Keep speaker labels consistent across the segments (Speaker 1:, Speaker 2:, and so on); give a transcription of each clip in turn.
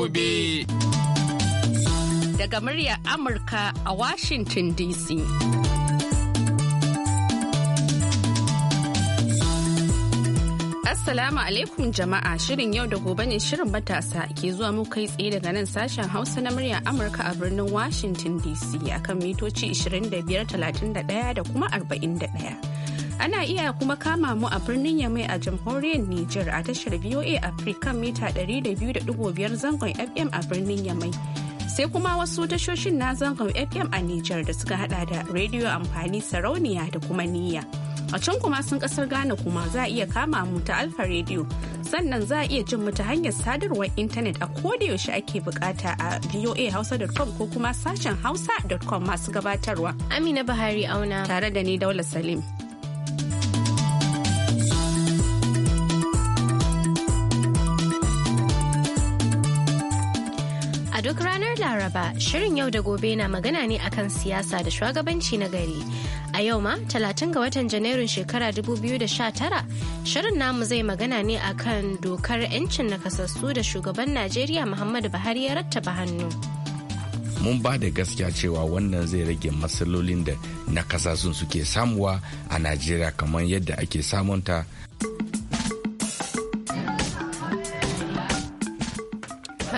Speaker 1: gobe.
Speaker 2: Daga muryar Amurka a Washington DC. Assalamu alaikum jama'a shirin yau da gobe ne shirin matasa ke zuwa mu kai tsaye daga nan sashen Hausa na muryar Amurka a birnin Washington DC akan mitoci 25, 31 da kuma 41. Ana iya kuma kama mu a birnin Yamai a jamhuriyar Nijar a tashar VOA Africa mita 200.5 zangon FM a birnin Yamai. Sai kuma wasu tashoshin na zangon FM a Nijar da suka hada da rediyo amfani sarauniya da kuma niyya. A can kuma sun kasar Ghana kuma za a iya kama mu ta Alfa Radio sannan za a iya jin mu ta hanyar sadarwar intanet a yaushe ake bukata a voahausa.com ko kuma sashen hausa.com masu gabatarwa. Amina bahari auna. Tare da ni Daula Salim.
Speaker 1: A duk ranar Laraba, shirin yau da gobe na magana ne akan siyasa da shugabanci na gari. A yau ma, talatin ga watan Janairun shekara 2019, shirin namu zai magana ne akan dokar 'yancin nakasassu da shugaban Najeriya Muhammadu Buhari ya rattaba hannu.
Speaker 3: Mun ba da gaskiya cewa wannan zai rage matsalolin da nakasassun suke samuwa a Najeriya kamar yadda ake samunta.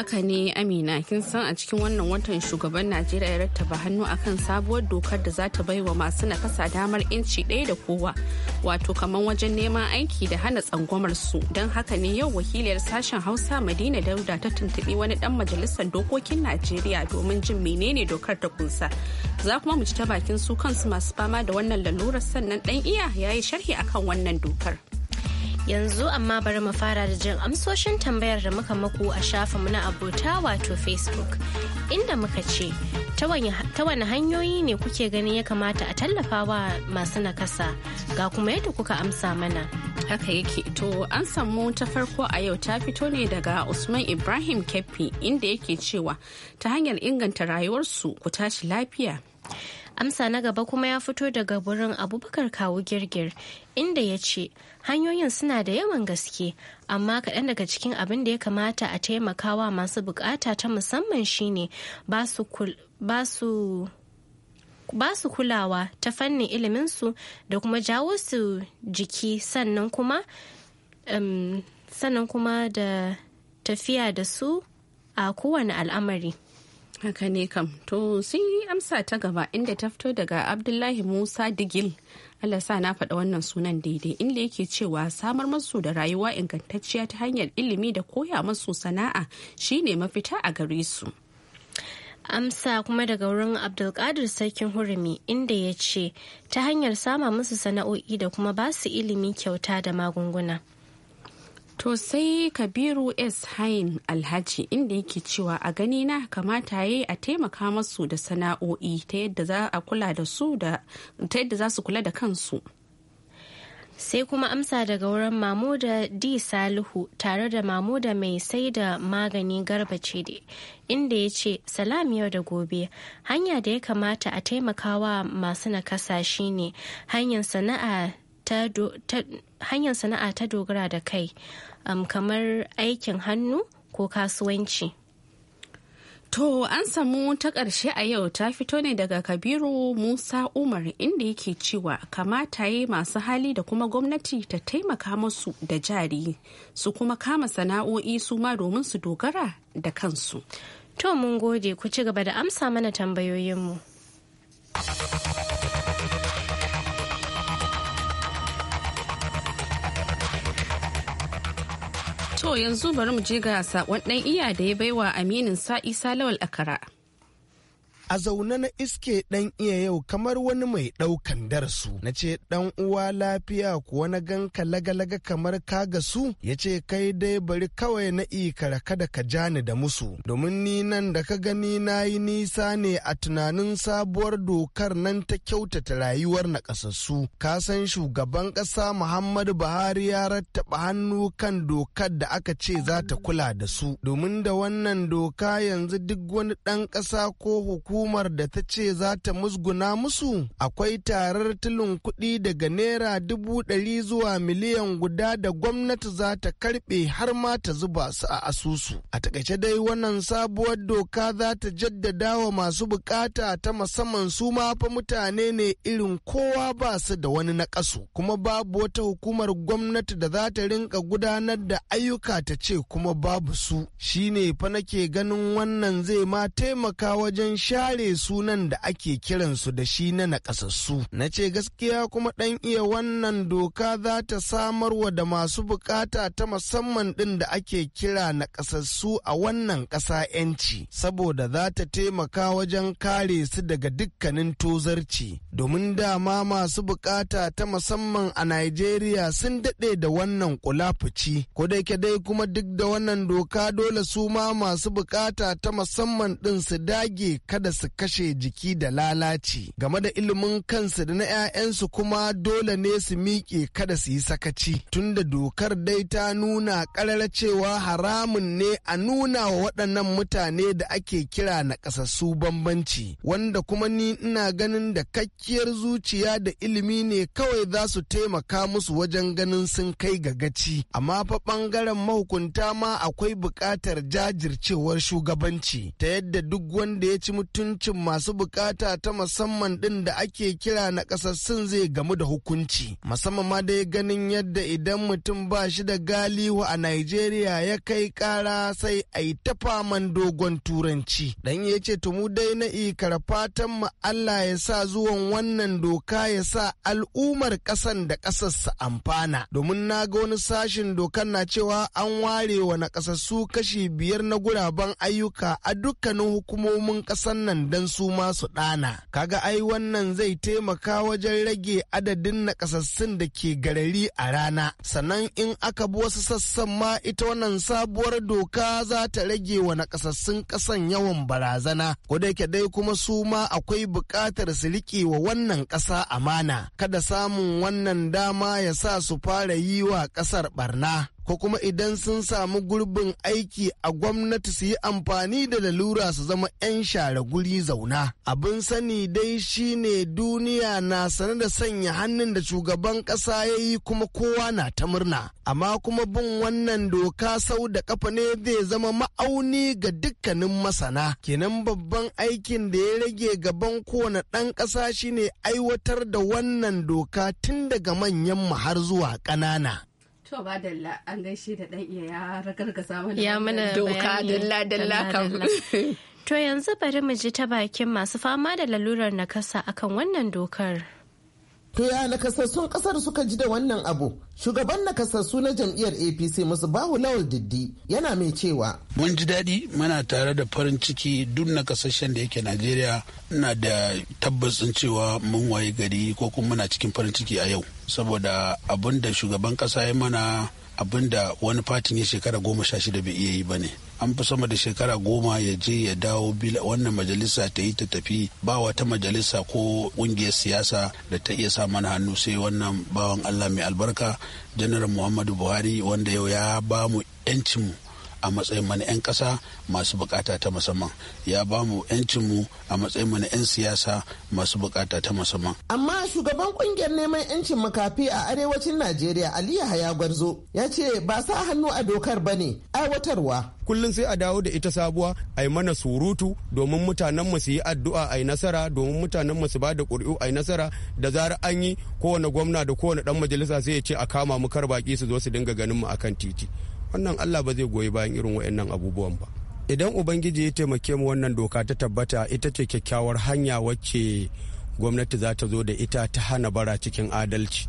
Speaker 2: haka ne amina kin san a cikin wannan watan shugaban najeriya ya rattaba hannu akan sabuwar dokar da za ta baiwa masu nakasa damar inci ɗaya da kowa wato kamar wajen neman aiki da hana tsangwamar su don haka ne yau wakiliyar sashen hausa madina dauda ta tuntuɓi wani ɗan majalisar dokokin najeriya domin jin menene dokar ta kunsa za kuma mu ci ta bakin su kansu masu fama da wannan lalurar sannan ɗan iya ya yi sharhi akan wannan dokar. Yanzu amma bari mu fara da jin amsoshin tambayar da muka
Speaker 1: maku a shafinmu na abota wato Facebook inda muka ce ta wani hanyoyi ne kuke ganin ya kamata a tallafa wa masu nakasa ga kuma yadda
Speaker 2: kuka amsa mana. Haka yake to an samu ta farko a yau ta fito ne daga Usman Ibrahim Keffi inda yake cewa ta hanyar inganta rayuwarsu ku tashi lafiya. amsa na gaba kuma ya fito daga wurin abubakar kawo girgir
Speaker 1: inda ya ce hanyoyin suna da yawan gaske amma kaɗan daga cikin abin da ya kamata a taimakawa masu bukata ta musamman shine ba su kulawa ta fannin iliminsu da kuma jawo su jiki sannan kuma um, sannan kuma da
Speaker 2: tafiya da su a kowane al'amari haka ne kam to yi amsa ta gaba inda ta fito daga abdullahi musa digil allah sa na faɗa wannan sunan daidai inda yake cewa samar masu da rayuwa ingantacciya ta hanyar ilimi da koya masu sana'a shine mafita a gare su amsa kuma daga wurin
Speaker 1: abdulkadir sarkin hurumi inda ya ce ta hanyar sama musu sana'o'i da kuma ba su ilimi kyauta da magunguna
Speaker 2: To sai Kabiru S. Hain Alhaji inda yake cewa a gani na kamata ya yi a taimaka masu da sana'o'i ta yadda za a kula da su kula da kansu.
Speaker 1: Sai kuma amsa daga wurin Mamuda D. Salihu tare da Mamuda mai sai da magani garba cede inda ya ce salam yau da gobe hanya da ya kamata a taimakawa masu nakasa shine hanyar sana'a hanyar sana'a ta dogara da kai um, kamar aikin hannu
Speaker 2: ko kasuwanci To an samu ta ƙarshe a yau ta fito ne daga Kabiru Musa Umar inda yake cewa kamata yi masu hali da kuma gwamnati ta taimaka musu da jari su kuma kama sana'o'i su ma domin su dogara da kansu.
Speaker 1: To mun gode ku ci gaba da amsa mana tambayoyinmu.
Speaker 2: To yanzu bari mu je ga sakon ɗan iya da ya baiwa aminin sa isa lawal akara. a zaune na
Speaker 4: iske ɗan iya yau kamar wani mai ɗaukan darsu na ce ɗan uwa lafiya kuwa na laga lagalaga kamar ka ga su. ya ce kai dai bari kawai na ikara kada ka jani da musu domin ni nan da ka gani na yi nisa ne a tunanin sabuwar dokar nan ta kyautata rayuwar na ƙasassu ka san shugaban ƙasa muhammadu buhari ya rattaba hannu kan dokar da aka ce za ta kula da su domin da wannan doka yanzu duk wani ɗan ƙasa ko hukuma hukumar da ta ce za ta musguna musu akwai tarar tilin kuɗi daga naira dubu ɗari zuwa miliyan guda da gwamnati za ta karɓe har ma ta zuba su a asusu. A takaice dai wannan sabuwar doka za ta jaddada wa masu bukata ta musamman su ma fa mutane ne irin kowa ba su da wani na kasu, kuma babu wata hukumar gwamnati da za ta rinka gudanar da ayyuka ta ce kuma babu su shine fa nake ganin wannan zai ma taimaka wajen sha kare sunan da ake kiransu da shi na nakasassu na ce gaskiya kuma ɗan iya wannan doka za ta samarwa da masu bukata ta musamman ɗin da ake kira nakasassu a wannan ƙasa 'yanci saboda za ta taimaka wajen kare su daga dukkanin tozarci domin dama masu bukata ta musamman a Najeriya sun daɗe da wannan kula kudai kudai kuma duk da wannan doka dole su ma masu bukata ta musamman ɗin su dage kada su kashe jiki da lalaci game da ilimin kansu da na 'ya'yansu kuma dole ne su miƙe kada su yi sakaci tunda dokar dai ta nuna ƙarar cewa haramun ne a nuna wa waɗannan mutane da ake kira na ƙasassu bambanci wanda kuma ni ina ganin da kakkiyar zuciya da ilimi ne kawai za su taimaka musu wajen ganin sun kai ga gaci amma fa ɓangaren mahukunta ma akwai buƙatar jajircewar shugabanci ta yadda duk wanda ya ci mutum mutuncin masu bukata ta musamman ɗin da ake kira na ƙasassun zai gamu da hukunci. Musamman ma dai ganin yadda idan mutum ba shi da galihu a Najeriya ya kai kara sai a yi tafaman dogon turanci. Dan ya ce mu dai na ikar fatan mu Allah ya sa zuwan wannan doka ya sa al'ummar ƙasan da ƙasarsa amfana. Domin na ga wani sashin dokan na cewa an ware wa na ƙasassu kashi biyar na guraben ayyuka a dukkanin hukumomin ƙasar nan nan dan su masu ɗana kaga ai wannan zai taimaka wajen rage adadin nakasassun da ke garari a rana sannan in aka bi wasu sassan ma ita wannan sabuwar doka za ta rage wa nakasassun ƙasan yawan barazana ko da dai kuma su ma akwai buƙatar su riƙe wa wannan ƙasa amana kada samun wannan dama ya sa su fara yi wa ƙasar ɓarna. ko kuma idan sun samu gurbin aiki a gwamnati su yi amfani da lalura su zama 'yan share guri zauna. Abin sani dai shine duniya na sane da sanya hannun da shugaban ƙasa ya yi kuma kowa na ta murna. Amma kuma bin wannan doka sau da kafa ne zai zama ma'auni ga dukkanin masana. Kenan babban aikin da ya rage gaban kowane ɗan ƙasa shine aiwatar da wannan doka tun daga manyan mu har zuwa ƙanana.
Speaker 2: To ba ɗan iya ya mana ya mana doka dalla dalla kam.
Speaker 1: To yanzu bari mu ji ta bakin masu fama da lalurar nakasa akan wannan dokar.
Speaker 5: To ya nakasassun kasar suka ji da wannan abu? Shugaban nakasassu na jam'iyyar APC musu bahu lawal diddi yana mai cewa.
Speaker 6: Mun ji daɗi muna tare da farin ciki duk nakasashen da yake Najeriya na da tabbasin cewa mun waye gari ko kuma muna cikin farin ciki a yau. Saboda abin da shugaban ƙasa ya mana abinda wani fatin ya shekara goma sha shida bai iya yi ba ne an fi sama da shekara goma ya je ya dawo wannan majalisa ta yi ta tafi ba wata majalisa ko kungiyar siyasa da ta iya sa mana hannu sai wannan bawan allah mai albarka janar muhammadu buhari wanda yau ya ba mu 'yancinmu a matsayin mana 'yan ƙasa masu bukata ta musamman ya ba mu mu a matsayin mana 'yan siyasa masu bukata ta musamman.
Speaker 5: amma shugaban kungiyar neman 'yancin makafi a arewacin najeriya ali yahaya gwarzo ya ce ba sa hannu a dokar ba ne aiwatarwa
Speaker 6: kullum sai a dawo da ita sabuwa a yi mana surutu domin mutanen mu su yi addu'a a yi nasara domin mutanen mu su ba da ƙuri'u a nasara da zarar an yi kowane gwamna da kowane dan majalisa sai ya ce a kama mu kar baki su zo su dinga ganin mu akan titi wannan allah ba zai goyi bayan irin waɗannan abubuwan ba idan ubangiji ya taimake mu wannan doka ta tabbata ita ce kyakkyawar hanya wacce gwamnati za ta zo da ita ta hana bara cikin adalci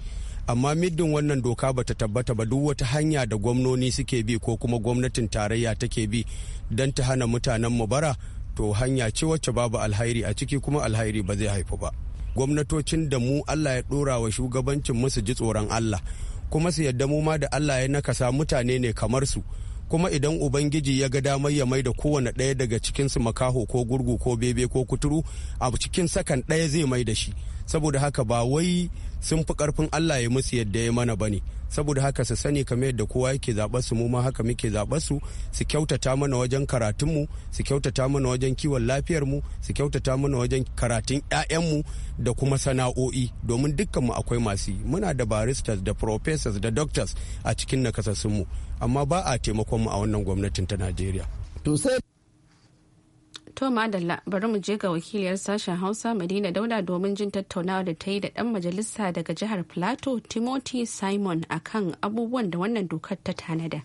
Speaker 6: amma middin wannan doka ba ta tabbata ba duk wata hanya da gwamnoni suke bi ko kuma gwamnatin tarayya take bi don ta hana mutanen mu bara to hanya ce wacce babu alhairi a ciki kuma alhairi ba zai haifu ba gwamnatocin da mu allah ya ɗora wa shugabancin musu ji tsoron allah kuma su yadda mu ma da Allah ya nakasa mutane ne kamar su kuma idan ubangiji ya ga damar ya mai da kowane ɗaya daga cikinsu makaho ko gurgu ko bebe ko kuturu a cikin sakan ɗaya zai mai da shi saboda haka ba wai sun fi karfin Allah ya musu yadda ya mana bane saboda haka su sani kamar yadda kowa yake zaɓar su mu ma haka muke zaɓar su su kyautata mana wajen karatun mu su kyautata mana wajen kiwon lafiyar mu su kyautata mana wajen karatun ƴaƴan mu da kuma sana'o'i domin dukkan mu akwai masu yi muna da baristas da professors da doctors a cikin nakasassun mu amma ba a taimakon mu a wannan gwamnatin ta najeriya
Speaker 4: to sai
Speaker 2: to madalla bari mu je ga wakiliyar sashen hausa madina dauda domin jin tattaunawa da ta yi da ɗan majalisa daga jihar plateau timothy simon akan abubuwan da wannan dokar ta tanada.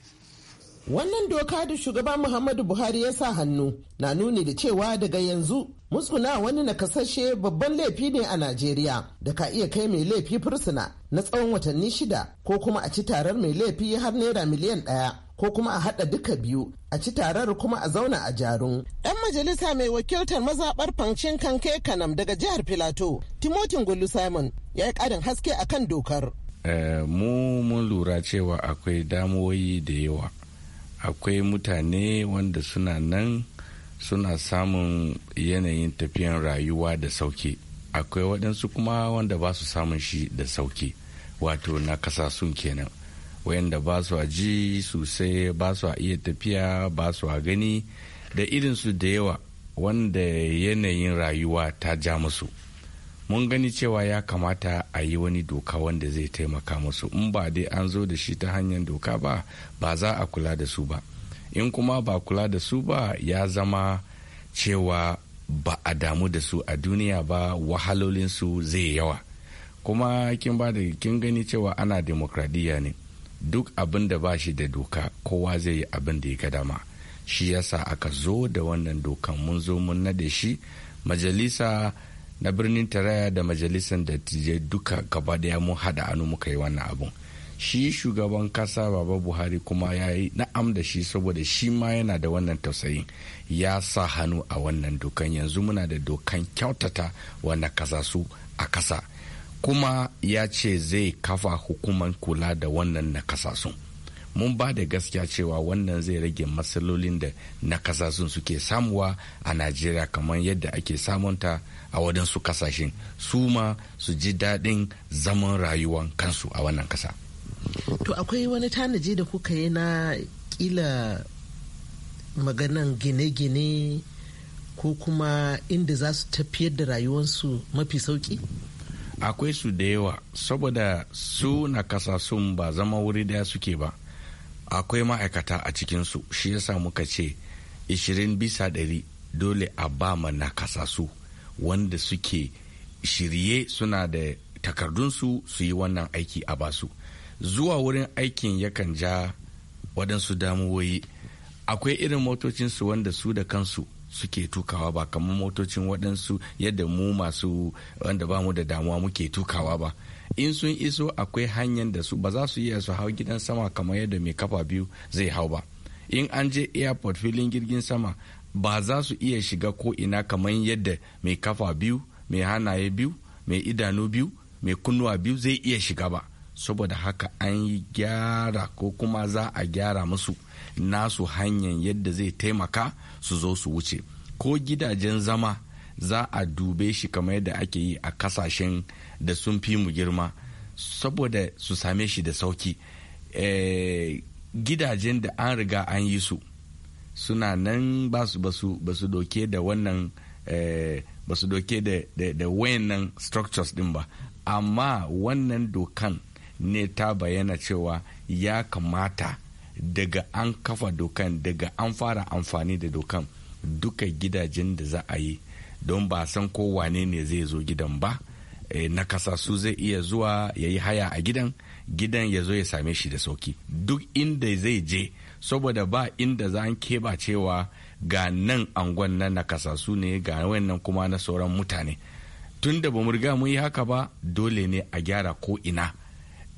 Speaker 2: Wannan doka da shugaban
Speaker 5: Muhammadu Buhari ya sa hannu na nuni da cewa daga yanzu muskuna wani nakasashe babban laifi ne a Najeriya da ka iya kai mai laifi fursuna na tsawon watanni shida ko kuma a ci tarar mai laifi har naira miliyan ɗaya. ko kuma a haɗa duka biyu a ci tarar kuma a zauna a jarun. Ɗan majalisa mai wakiltar mazaɓar fancin kanke kanam daga jihar Filato, Timotin Gullu Simon ya yi ƙarin haske akan dokar.
Speaker 3: Eh, mu mun lura cewa akwai damuwoyi da yawa akwai mutane wanda suna nan suna samun yanayin tafiyan rayuwa da sauki akwai waɗansu kuma wanda ba su samun shi da sauki wato na sun kenan wayanda ba su ji sosai ba su a iya tafiya ba su a gani da irinsu da yawa wanda yanayin rayuwa ta ja musu mun gani cewa ya kamata a yi wani doka wanda zai taimaka musu in ba dai an zo da shi ta hanyar doka ba ba za a kula da su ba in kuma ba kula da su ba ya zama cewa ba a damu da su a duniya ba wahalolinsu zai yawa kuma kin ba da kin gani cewa ana demokradiyya ne duk abin da ba shi da doka kowa zai yi abin da ya ga dama shi yasa aka zo da wannan dokan mun zo mun nade shi majalisa na birnin taraya da majalisar dattijai duka gaba daya mun hada anu muka yi wannan abun shi shugaban kasa baba buhari kuma ya yi na'am da shi saboda shi ma yana da wannan tausayin ya sa hannu a wannan dokan yanzu muna da dokan kyautata wannan kasa su a kasa kuma ya ce zai kafa hukuman kula da wannan na kasasun mun ba da gaskiya cewa wannan zai rage matsalolin da na nakasassun suke samuwa a najeriya kamar yadda ake samunta a wadansu kasashen su ma su ji daɗin zaman rayuwan kansu a wannan kasa
Speaker 5: to akwai wani tanaji da kuka yi na kila maganan gine-gine ko kuma inda za su tafiyar da rayuwarsu mafi sauki?
Speaker 3: akwai su da yawa saboda su na kasa sun ba zama wuri daya suke ba akwai ma'aikata a cikinsu shi yasa muka ce 20 bisa ɗari dole a ba ma nakasasu wanda suke shirye suna da takardunsu su yi wannan aiki a basu zuwa wurin aikin yakan ja waɗansu damuwoyi akwai irin motocinsu wanda su da kansu suke tukawa ba kamar motocin waɗansu yadda mu masu wanda ba mu da damuwa muke tukawa ba in sun iso akwai hanyar da su ba za su iya su hau gidan sama kamar yadda mai kafa biyu zai hau ba in an je airport filin jirgin sama ba za su iya shiga ko ina kamar yadda mai kafa biyu mai hannaye biyu mai idanu biyu mai kunnuwa biyu zai iya shiga ba saboda haka an yi gyara ko kuma za a gyara musu nasu hanyar yadda zai taimaka su zo su wuce ko gidajen zama za a dube shi kamar yadda ake yi a kasashen da sun fi mu girma saboda su same shi da sauki eh, gidajen da an riga an yi su suna nan ba su ba su doke da wannan eh, ba su doke da wayannan structures din ba amma wannan dokan ne ta bayyana cewa ya kamata daga an kafa dokan daga an fara amfani da dokan duka gidajen da za a yi don ba san ko wane ne zai zo gidan ba Eh, na su zai iya zuwa ya yi haya a gidan gidan ya zo ya same shi da sauki duk inda zai je saboda ba inda za an keɓa cewa ga nan angon na nakasasu ne ga wannan kuma na sauran mutane tun da ba riga mun yi haka ba dole ne a gyara ko ina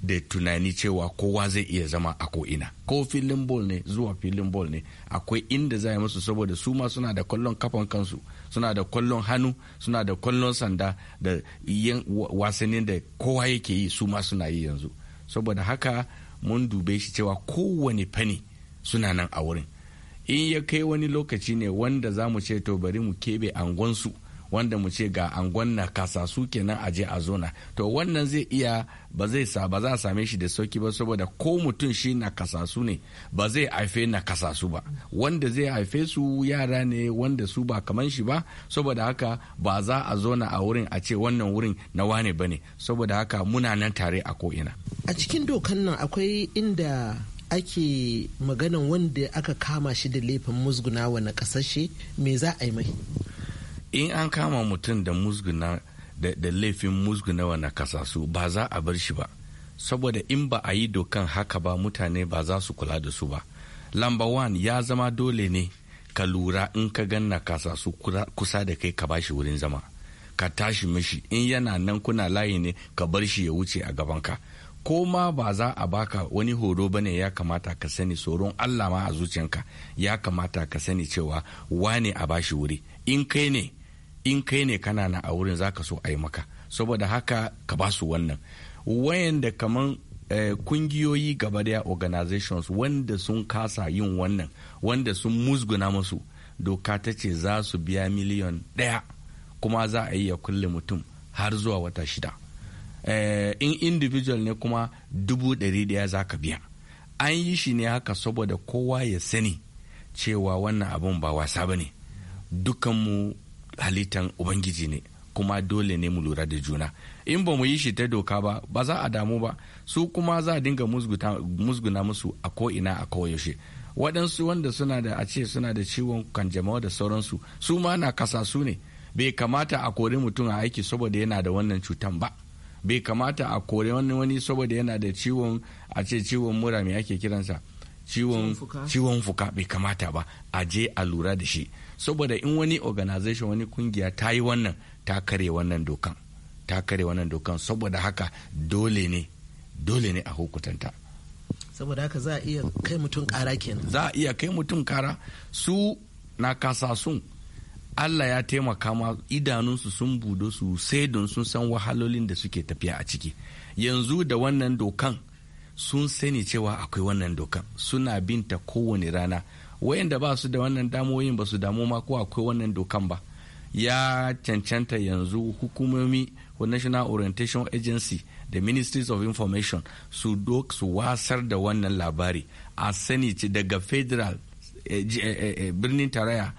Speaker 3: da tunani cewa kowa zai iya zama a ko ina ko filin bol ne zuwa filin bol ne akwai inda za musu saboda su ma suna da kallon kafan kansu suna da kwallon hannu suna da kwallon sanda da yin wasannin da kowa yake yi su ma suna yi yanzu saboda haka mun dube shi cewa kowane fani suna nan a wurin in ya kai wani lokaci ne wanda za mu ce to bari mu keɓe angonsu wanda mu ce ga angon na kasasu kenan a je a zona to wannan zai iya ba za a same shi da sauki ba saboda ko mutum shi na kasasu ne ba zai haife na kasasu ba wanda zai haife su yara ne wanda su ba kaman shi ba saboda haka ba za a zona a wurin a ce wannan wurin na wane ne saboda haka muna nan tare a ko'ina a cikin dokan
Speaker 5: nan akwai inda ake maganan wanda aka kama shi da laifin musgunawa na kasashe me za a yi mai
Speaker 3: in an kama mutum da musguna da laifin musguna wa nakasasu ba za a bar shi ba saboda in ba a yi dokan haka ba mutane ba za su kula da su ba lamba wan ya zama dole ne ka lura in ka gan nakasasu kusa da kai ka bashi wurin zama ka tashi mishi in yana nan kuna layi ne ka bar shi ya wuce a gaban ka ko ma ba za a baka wani horo ba ne ya kamata ka sani tsoron Allah ma a zuciyanka ya kamata ka sani cewa wane a bashi wuri in kai ne in kai ne kana na a wurin zaka so a yi maka saboda haka ka ba su wannan wayanda kaman eh, kungiyoyi gaba daya organizations wanda sun kasa yin wannan wanda sun musguna masu doka ta ce za su biya miliyan daya kuma za a yi iya kulle mutum har zuwa wata shida eh, in individual ne kuma dubu ɗari daya za ka biya an yi shi ne haka saboda kowa ya sani cewa wannan abun ba wasa ba ne dukanmu halittan ubangiji ne kuma dole ne mu lura da juna in ba mu yi shi ta doka ba ba za a damu ba su kuma za a dinga musguna musu a ko'ina a koyaushe waɗansu wanda suna da a ce suna da ciwon kanjamau da sauransu su ma na su ne bai kamata a kori mutum a aiki saboda yana da wannan cutan ba bai kamata a kore wani wani saboda yana da ciwon a ce ciwon mura mai ake kiransa ciwon fuka bai kamata ba a je a lura da shi saboda in wani organization wani kungiya ta yi wannan ta kare wannan dokan ta kare wannan dokan saboda haka dole ne dole ne a hukutanta
Speaker 5: saboda haka za a iya kai mutum kara kenan za
Speaker 3: a iya kai mutum kara su na kasa sun Allah ya taimaka ma idanunsu sun budo su sai don sun san wahalolin da suke tafiya a ciki yanzu da wannan dokan sun sani cewa akwai wannan dokan suna binta kowane rana wayanda ba su da wannan damoyin ba su damu ma ko akwai wannan dokan ba ya cancanta yanzu hukumomi national orientation agency da ministries of information su dok su wasar da wannan labari a sani ce daga federal eh, eh, eh, birnin tarayya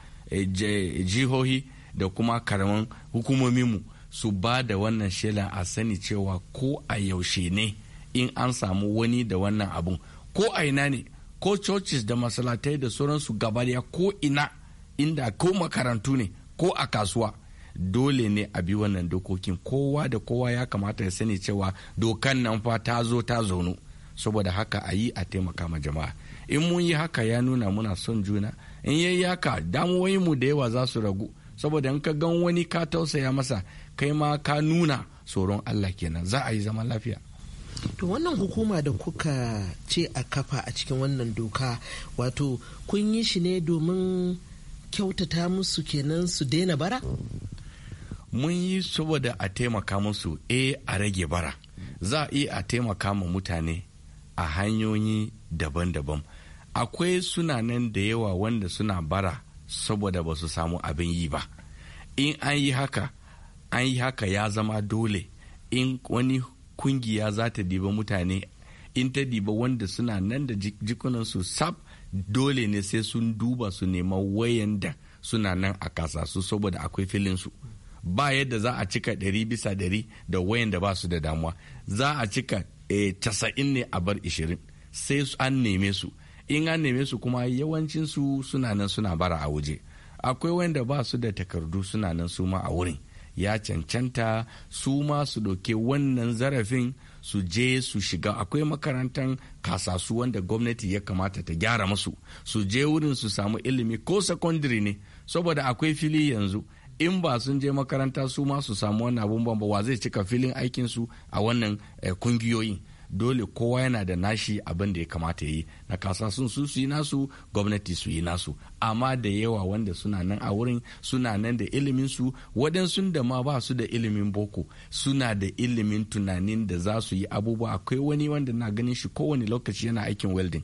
Speaker 3: jihohi da kuma karamin hukumominmu su ba da wannan shela a sani cewa ko a yaushe ne in an samu wani da wannan abun ko a ina ne ko churches da masalatai da sauransu gabariya ko ina inda ko makarantu ne ko a kasuwa dole ne a bi wannan dokokin kowa da kowa ya kamata ya sani cewa dokan nan fa ta zo ta zaunu saboda haka a yi a taimaka ma jama'a in mun yi haka ya nuna muna son juna in yayi haka mu da yawa za su ragu saboda in ka gan wani ka tausaya masa kai ma ka nuna tsoron allah kenan za a yi zaman lafiya
Speaker 5: to wannan hukuma da kuka ce a kafa a cikin wannan doka wato kun yi shi ne domin kyautata musu kenan su daina bara
Speaker 3: mun yi saboda a taimaka musu e a rage bara za a iya a taimaka ma mutane a hanyoyi daban-daban akwai sunanan da yawa wanda suna bara saboda ba su samu abin yi ba in an yi haka an yi haka ya zama dole in wani kungiya za ta diba mutane in ta diba wanda suna nan da jikunansu su sab dole ne sai sun duba su nema wayan da suna nan a kasa su saboda akwai filin su ba yadda za a cika ɗari bisa ɗari da wayan da ba su da damuwa za a cika eh, casa'in ne a bar ishirin sai an neme su in an neme su kuma yawancin su suna nan suna bara a waje akwai wanda ba su da takardu suna nan su ma a wurin ya cancanta su ma su doke wannan zarafin su je su shiga akwai makarantar kasasu wanda gwamnati ya kamata ta gyara masu su je wurin su samu ilimi ko secondary ne saboda akwai fili yanzu in ba sun je makaranta su ma su samu wannan abun ba wa zai cika filin aikinsu a wannan eh, kungiyoyin dole kowa yana da nashi abin da ya kamata yi na kasa sun su yi nasu gwamnati su yi nasu amma da yawa wanda suna nan a wurin suna nan da ilimin su waɗansu da ma ba su da ilimin boko suna da ilimin tunanin da za su yi abubuwa akwai wani wanda na ganin shi kowane lokaci yana aikin welding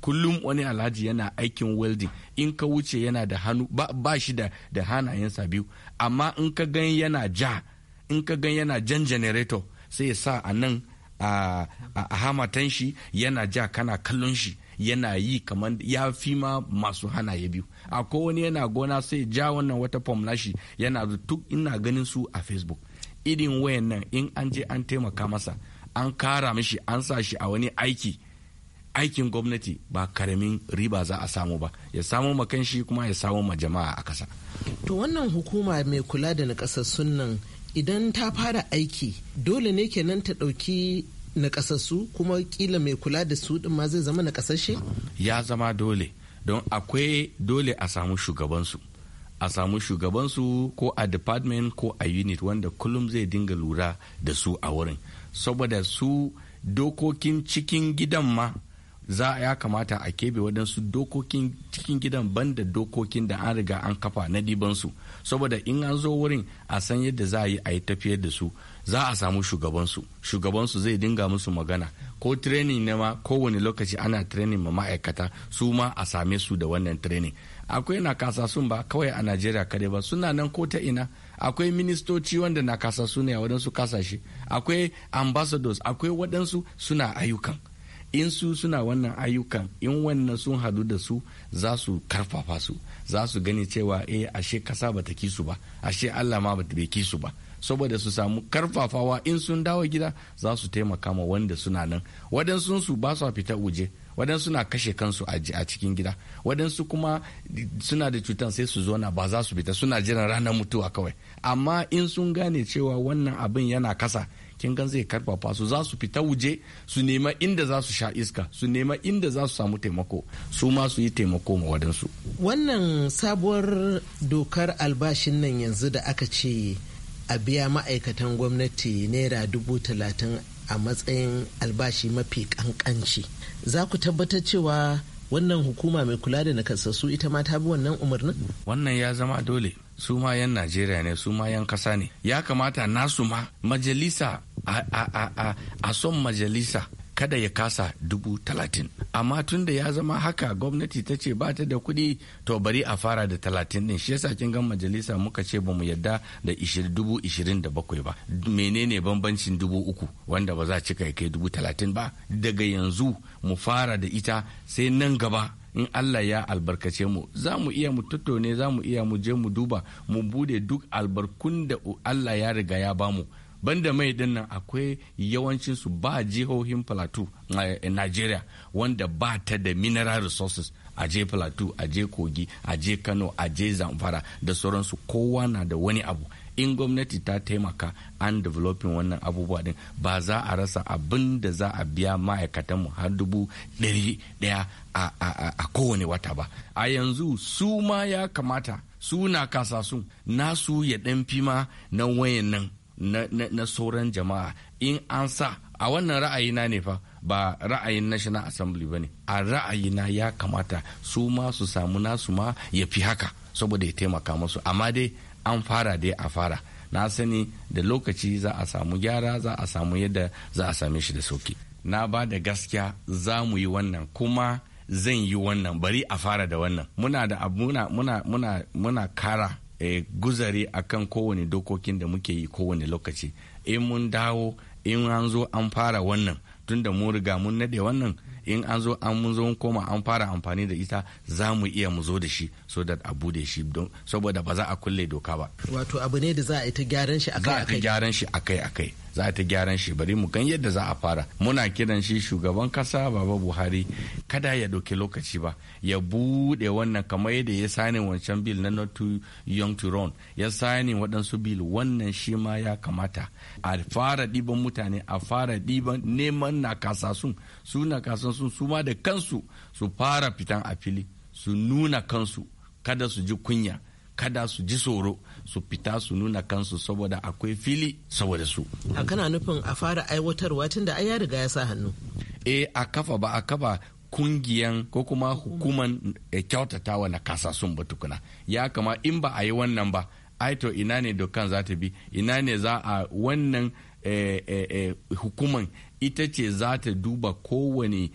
Speaker 3: kullum wani alhaji yana aikin welding in ka wuce yana da hannu ba, shi da, da hannayensa biyu amma in ka gan yana ja in ka gan yana jan generator sai ya sa a nan a hamatan shi yana ja kana kallon shi yana yi kamar ya fi ma masu hana ya biyu a wani yana gona sai ja wannan wata fom nashi yana duk ina ganin su a facebook irin wayannan in an je an taimaka masa an kara mishi an sa shi a wani aiki aikin gwamnati ba karamin riba za a samu ba ya samu makanshi kuma ya samu ma jama'a a kasa
Speaker 5: to wannan hukuma mai kula da nakasassun nan idan ta fara aiki dole ne kenan ta ɗauki naƙasassu kuma kila mai kula da su ɗin ma zai zama naƙasashe.
Speaker 3: Ya zama dole don akwai dole a samu shugabansu. a samu shugabansu ko a department ko a unit wanda kullum zai dinga lura da su a wurin saboda su dokokin cikin gidan ma za ya kamata a keɓe waɗansu dokokin cikin gidan banda dokokin da an riga an kafa na dibansu saboda in an zo wurin a san yadda za a yi a yi tafiyar da su za a samu shugabansu shugabansu zai dinga musu magana ko training ne ma kowane lokaci ana training ma ma'aikata su ma a same su da wannan training akwai nakasassun ba kawai a najeriya kadai ba suna nan ko ta ina akwai ministoci wanda nakasassu ne a waɗansu kasashe akwai ambassadors akwai waɗansu suna ayyukan in su suna wannan ayyukan in wannan sun hadu da su za su karfafa su za su gani cewa eh ashe kasa bata ki su ba ashe Allah ma bata bai ki su ba saboda su samu karfafawa in sun dawo gida za su taimaka ma wanda suna nan waɗansu su ba su fita wuje waɗansu suna kashe kansu a cikin gida waɗansu kuma suna da cutan sai su zona ba za su fita suna jiran ranar mutuwa kawai amma in sun gane cewa wannan abin yana kasa kin gan zai karfafa su za su fita wuje su nema inda za su sha iska su nema inda za su samu taimako su ma su yi taimako ma wadansu
Speaker 5: wannan sabuwar dokar albashin nan yanzu da aka ce a biya ma'aikatan gwamnati naira dubu talatin a matsayin albashi mafi kankanci za ku tabbatar cewa wannan hukuma mai kula da nakasassu ita ma ta bi wannan
Speaker 3: umarnin wannan ya zama dole su ma yan najeriya ne su ma yan kasa ne ya kamata nasu ma majalisa a, son majalisa kada ya kasa dubu talatin amma tun da ya zama haka gwamnati ta ce ba ta da kuɗi to bari a fara da talatin din shi yasa kin ga majalisa muka ce ba mu yadda da dubu ishirin da bakwai ba menene bambancin dubu uku wanda ba za cika ya kai dubu talatin ba daga yanzu mu fara da ita sai nan gaba in Allah ya albarkace mu za mu iya mu tattaune za mu iya mu je mu duba mu bude duk albarkun da Allah ya riga ya bamu banda mai din akwai yawancin su ba jihohin plateau a Nigeria wanda ba ta da mineral resources a je plateau a je kogi a je Kano a je Zamfara da sauransu kowa na da wani abu in gwamnati ta taimaka an developing wannan abubuwa din ba za a rasa abin da za a biya ma'aikatan mu har dubu ɗari ɗaya a kowane wata ba a yanzu su ma ya kamata su na kasasun nasu ya ɗan fi ma na wayan nan na sauran jama'a in an sa a wannan ra'ayina ne fa ba ra'ayin national assembly ba ne a ra'ayina ya kamata su ma su samu nasu ma ya fi haka saboda ya taimaka musu amma dai an fara dai a fara na sani da lokaci za a samu gyara za a samu yadda za a same shi da soke na ba da gaskiya za mu yi wannan kuma zan yi wannan bari a fara da wannan muna da muna muna muna muna kara e, guzari akan kowane dokokin da muke yi kowane lokaci in mun dawo in an zo an fara wannan tunda mun riga mun nade wannan in an zo an mun zo koma an fara amfani da ita za mu iya mu zo da shi so da a bude shi saboda ba za a kulle doka ba
Speaker 5: wato abu ne da za a yi gyaran shi akai akai za a ta
Speaker 3: gyaran shi akai akai za ta gyaran shi bari mu gan yadda za a fara muna kiran shi shugaban kasa baba buhari kada ya ɗauki lokaci ba ya buɗe wannan kamar yadda ya sani wancan bil na not too young to run ya sani waɗansu bil wannan shi ma ya kamata a fara ɗiban mutane a fara ɗiban neman nakasasun su sun su ma da kansu su fara fitan a fili su nuna kansu kada su ji kunya kada su ji tsoro su fita su nuna kansu saboda akwai fili saboda su
Speaker 5: a kana nufin a fara aiwatarwa tunda da ya riga ya sa hannu
Speaker 3: eh a kafa ba a kafa kungiyan ko kuma hukuman eh, kyautatawa na kasa kasasun batukuna ya kama in ba a yi wannan ba aito ina ne dokan za ta bi ina ne za a wannan eh, eh, eh hukuman ita ce za ta duba kowane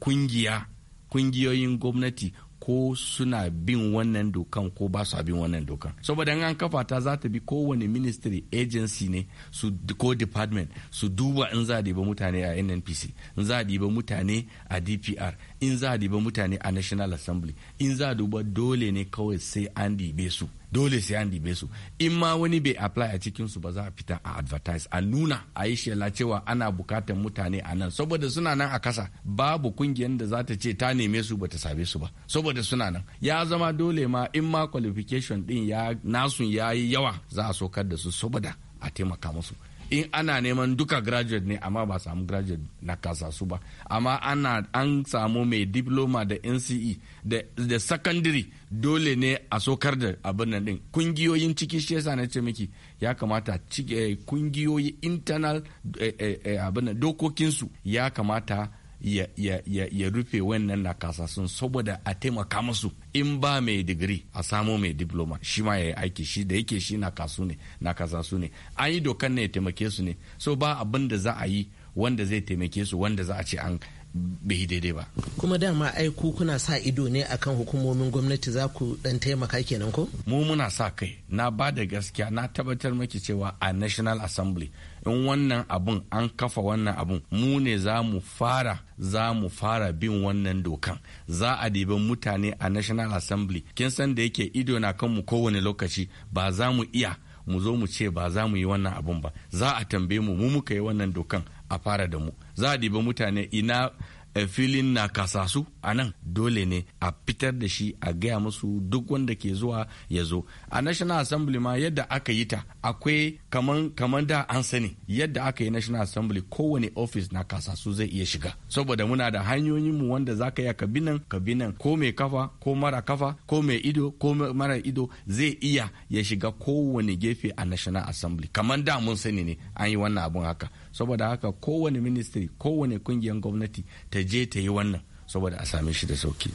Speaker 3: kungiya kungiyoyin gwamnati ko suna bin wannan dokan ko ba su bin wannan dokan saboda an kafa ta za ta bi kowane ministry agency ne su ko department su duba in za a mutane a nnpc in za a mutane a dpr in za a diba mutane a national assembly in za a duba dole ne kawai sai an dibe su dole sai an dibe su in ma wani bai apply a cikin su ba za a fita a advertise a nuna a yi shela cewa ana bukatan mutane a nan saboda suna nan a kasa babu kungiyar da za ta ce ta neme su bata same su ba saboda suna nan ya zama dole ma in ma qualification din ya nasu ya yi yawa za a sokar da su saboda a taimaka musu in ana neman duka graduate ne amma ba samu graduate na kasa su ba amma ana an samu mai diploma da nce da secondary dole ne a sokar da abin nan din kungiyoyin ciki shi yasa na ce miki ya kamata eh, kungiyoyi internal eh, eh, abin dokokinsu ya kamata ya rufe wannan nakasasun saboda a taimaka musu in ba mai digiri a samo mai diploma shi ma ya yi aiki shi da yake shi nakasu ne nakasasu ne an yi dokan ne ya taimake su ne so ba abin da za a yi wanda zai taimake su wanda za a ce an bai daidai ba.
Speaker 5: Kuma dama ai ku kuna sa ido ne akan hukumomin gwamnati za ku dan
Speaker 3: taimaka kenan ko? Mu muna sa kai na ba da gaskiya na tabbatar maki cewa a National Assembly in wannan abun an kafa wannan abun mu ne za mu fara za mu fara bin wannan dokan za a ɗiban mutane a national assembly kin san da yake ido na kanmu kowane lokaci ba za mu iya mu zo mu ce ba za mu yi wannan abun ba za a tambaye mu mu muka yi wannan dokan a fara da mu za a ɗiban mutane ina Eh, filin na kasasu a nan dole ne a fitar da shi a gaya musu duk wanda ke zuwa ya zo a national assembly ma yadda aka yi ta akwai kaman kaman da an sani yadda aka yi national assembly kowane office na kasasu zai iya shiga saboda muna da hanyoyin mu wanda ka iya kabinan kabinan ko mai kafa ko mara kafa ko mai ido ko mara ido zai iya ya shiga kowane gefe a national assembly kaman da mun sani ne an yi wannan abun haka saboda haka kowane ministry kowane kungiyar gwamnati ta je ta yi wannan saboda a same shi da sauki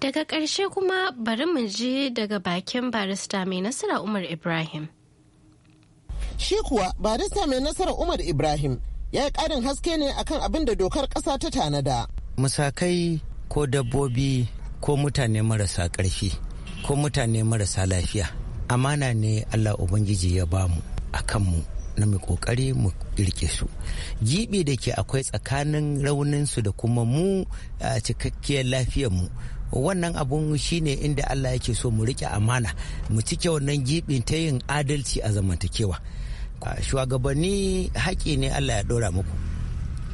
Speaker 1: daga karshe kuma bari mu je daga bakin barista mai nasara umar ibrahim shi
Speaker 5: kuwa barista mai nasara umar ibrahim ya yi ƙarin haske ne akan abin da dokar ƙasa ta
Speaker 7: tanada musakai ko dabbobi ko mutane marasa ƙarfi ko mutane marasa lafiya amana ne allah ubangiji ya bamu a kanmu na mai kokari mu kirke su gibi da ke akwai tsakanin raunin su da kuma mu a cikakkiyar lafiyar mu wannan abun shine inda Allah yake so mu rike amana mu cike wannan gibi ta yin adalci a zamantakewa shugabanni haƙi ne Allah ya ɗora muku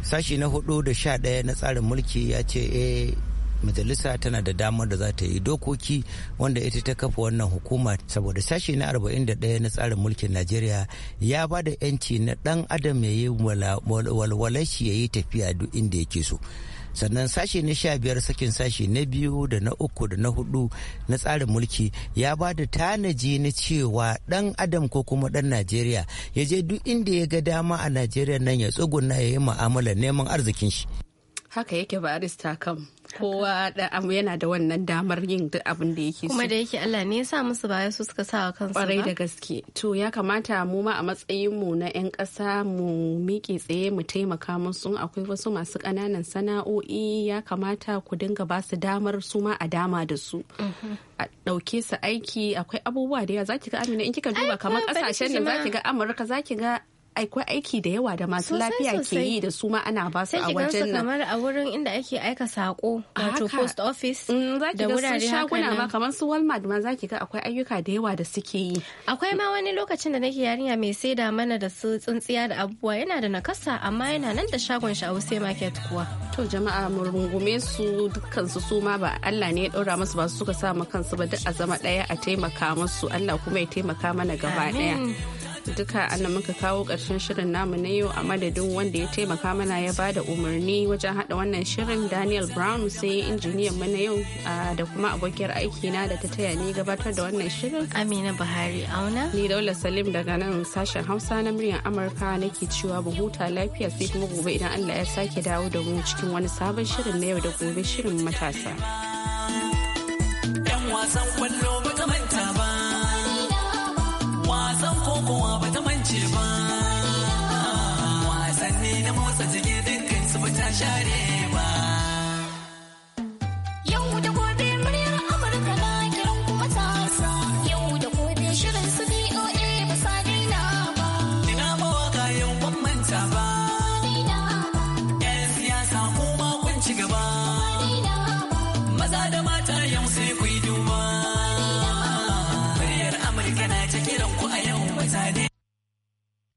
Speaker 7: sashi na hudu da sha ɗaya na tsarin mulki ya ce eh majalisa tana da damar da za ta yi dokoki wanda ita ta kafa wannan hukuma saboda sashe na 41 na tsarin mulkin najeriya ya ba da 'yanci na dan adam ya yi walwalashi ya yi tafiya duk inda yake so sannan sashe na sha biyar sakin sashe na biyu da na uku da na hudu na tsarin mulki ya ba da tanaji na cewa dan adam ko kuma dan najeriya ya je duk inda ya ga dama a najeriya nan ya tsuguna ya yi mu'amala neman arzikin shi
Speaker 2: haka yake barista kam kowa da yana da wannan damar yin duk abin da yake so kuma da yake Allah ne ya sa musu baya su suka sa kansu kwarai da gaske to ya kamata mu ma a matsayin mu na yan ƙasa mu miƙe tsaye mu taimaka musu akwai wasu masu ƙananan sana'o'i ya kamata ku dinga ba su damar su ma a dama da su mhm. a ɗauke su aiki akwai abubuwa da yawa za ki ga amina in kika duba kamar ƙasashen ne za ki ga amurka za ki ga akwai aiki da yawa da masu lafiya ke yi da su ma ana ba su a wajen nan kamar
Speaker 1: a wurin inda ake aika sako wato post office mm, da wurare shaguna ma kamar su Walmart ma zaki ga akwai ayyuka da yawa da suke yi akwai ma wani lokacin da nake yarinya mai saida mana
Speaker 2: da su tsintsiya da abubuwa yana da nakasa amma yana nan da shagon shi a Wuse Market kuwa to jama'a mu rungume su dukkan su su ma ba Allah ne ya daura musu ba su suka sa kansu ba duk a zama daya a taimaka musu Allah kuma ya taimaka mana gaba daya duka annan muka kawo ƙarshen shirin namu na yau a madadin wanda ya taimaka mana ya ba da umarni wajen haɗa wannan shirin Daniel Brown sai injiniyan mu na yau da kuma abokiyar aiki na da ta taya ni gabatar da wannan shirin. Amina Buhari Auna. Ni Daula Salim daga nan sashen Hausa na muryar Amurka nake cewa buhuta huta lafiya sai kuma gobe idan Allah ya sake dawo da mu cikin wani sabon shirin na yau da gobe shirin matasa.
Speaker 4: 'Yan wasan kwallo share